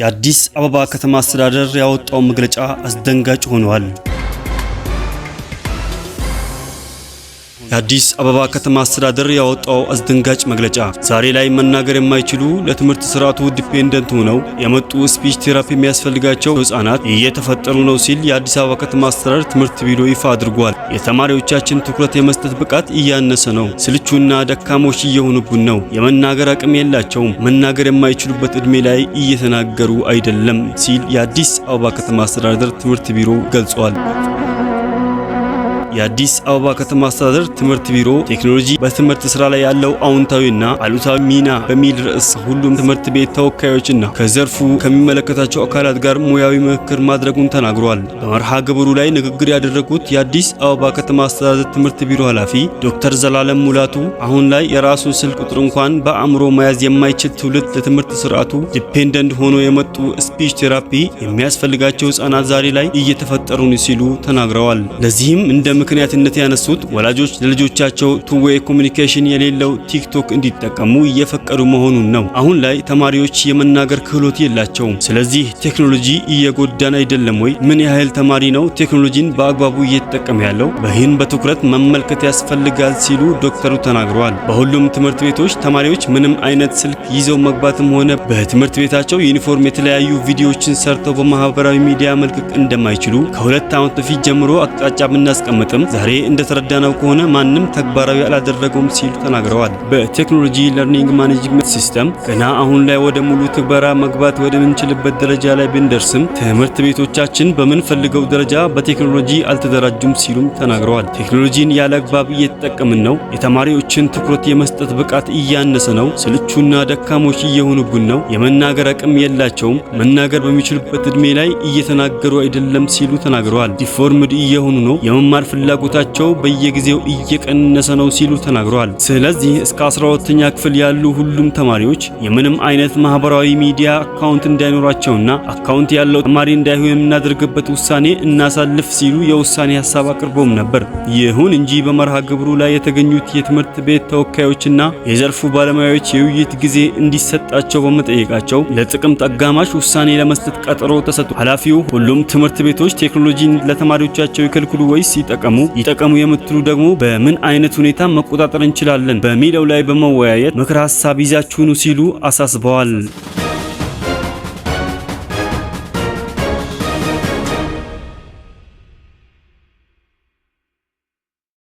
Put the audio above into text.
የአዲስ አበባ ከተማ አስተዳደር ያወጣው መግለጫ አስደንጋጭ ሆኗል። የአዲስ አበባ ከተማ አስተዳደር ያወጣው አስደንጋጭ መግለጫ ዛሬ ላይ መናገር የማይችሉ ለትምህርት ስርዓቱ ዲፔንደንት ሆነው የመጡ ስፒች ቴራፒ የሚያስፈልጋቸው ህጻናት እየተፈጠሩ ነው ሲል የአዲስ አበባ ከተማ አስተዳደር ትምህርት ቢሮ ይፋ አድርጓል። የተማሪዎቻችን ትኩረት የመስጠት ብቃት እያነሰ ነው፣ ስልቹና ደካሞች እየሆኑብን ነው፣ የመናገር አቅም የላቸውም፣ መናገር የማይችሉበት ዕድሜ ላይ እየተናገሩ አይደለም ሲል የአዲስ አበባ ከተማ አስተዳደር ትምህርት ቢሮ ገልጿል። የአዲስ አበባ ከተማ አስተዳደር ትምህርት ቢሮ ቴክኖሎጂ በትምህርት ስራ ላይ ያለው አዎንታዊና አሉታዊ ሚና በሚል ርዕስ ሁሉም ትምህርት ቤት ተወካዮችና ከዘርፉ ከሚመለከታቸው አካላት ጋር ሙያዊ ምክክር ማድረጉን ተናግሯል። በመርሃ ግብሩ ላይ ንግግር ያደረጉት የአዲስ አበባ ከተማ አስተዳደር ትምህርት ቢሮ ኃላፊ ዶክተር ዘላለም ሙላቱ አሁን ላይ የራሱን ስልክ ቁጥር እንኳን በአእምሮ መያዝ የማይችል ትውልድ ለትምህርት ስርዓቱ ዲፔንደንት ሆኖ የመጡ ስፒች ቴራፒ የሚያስፈልጋቸው ህጻናት ዛሬ ላይ እየተፈጠሩን ሲሉ ተናግረዋል። ለዚህም እንደ ምክንያትነት ያነሱት ወላጆች ለልጆቻቸው ቱዌይ ኮሚኒኬሽን የሌለው ቲክቶክ እንዲጠቀሙ እየፈቀዱ መሆኑን ነው። አሁን ላይ ተማሪዎች የመናገር ክህሎት የላቸውም። ስለዚህ ቴክኖሎጂ እየጎዳን አይደለም ወይ? ምን ያህል ተማሪ ነው ቴክኖሎጂን በአግባቡ እየተጠቀመ ያለው? ይህን በትኩረት መመልከት ያስፈልጋል ሲሉ ዶክተሩ ተናግረዋል። በሁሉም ትምህርት ቤቶች ተማሪዎች ምንም አይነት ስልክ ይዘው መግባትም ሆነ በትምህርት ቤታቸው ዩኒፎርም የተለያዩ ቪዲዮዎችን ሰርተው በማህበራዊ ሚዲያ መልቀቅ እንደማይችሉ ከሁለት ዓመት በፊት ጀምሮ አቅጣጫ ብናስቀምጥ በእርግጥም ዛሬ እንደተረዳነው ከሆነ ማንም ተግባራዊ አላደረገውም ሲሉ ተናግረዋል። በቴክኖሎጂ ለርኒንግ ማኔጅመንት ሲስተም ገና አሁን ላይ ወደ ሙሉ ትግበራ መግባት ወደምንችልበት ደረጃ ላይ ብንደርስም ትምህርት ቤቶቻችን በምንፈልገው ደረጃ በቴክኖሎጂ አልተደራጁም ሲሉም ተናግረዋል። ቴክኖሎጂን ያለ አግባብ እየተጠቀምን ነው። የተማሪዎችን ትኩረት የመስጠት ብቃት እያነሰ ነው። ስልቹና ደካሞች እየሆኑብን ነው። የመናገር አቅም የላቸውም። መናገር በሚችሉበት እድሜ ላይ እየተናገሩ አይደለም ሲሉ ተናግረዋል። ዲፎርምድ እየሆኑ ነው። የመማር ፍላጎታቸው በየጊዜው እየቀነሰ ነው ሲሉ ተናግረዋል። ስለዚህ እስከ 12ኛ ክፍል ያሉ ሁሉም ተማሪዎች የምንም አይነት ማህበራዊ ሚዲያ አካውንት እንዳይኖራቸውና አካውንት ያለው ተማሪ እንዳይሆን የምናደርግበት ውሳኔ እናሳልፍ ሲሉ የውሳኔ ሀሳብ አቅርቦም ነበር። ይሁን እንጂ በመርሃ ግብሩ ላይ የተገኙት የትምህርት ቤት ተወካዮችና የዘርፉ ባለሙያዎች የውይይት ጊዜ እንዲሰጣቸው በመጠየቃቸው ለጥቅምት አጋማሽ ውሳኔ ለመስጠት ቀጠሮ ተሰጥቷል። ኃላፊው ሁሉም ትምህርት ቤቶች ቴክኖሎጂን ለተማሪዎቻቸው ይከልክሉ ወይስ ይጠቀሙ ይጠቀሙ ይጠቀሙ የምትሉ ደግሞ በምን አይነት ሁኔታ መቆጣጠር እንችላለን በሚለው ላይ በመወያየት ምክረ ሀሳብ ይዛችሁኑ ሲሉ አሳስበዋል።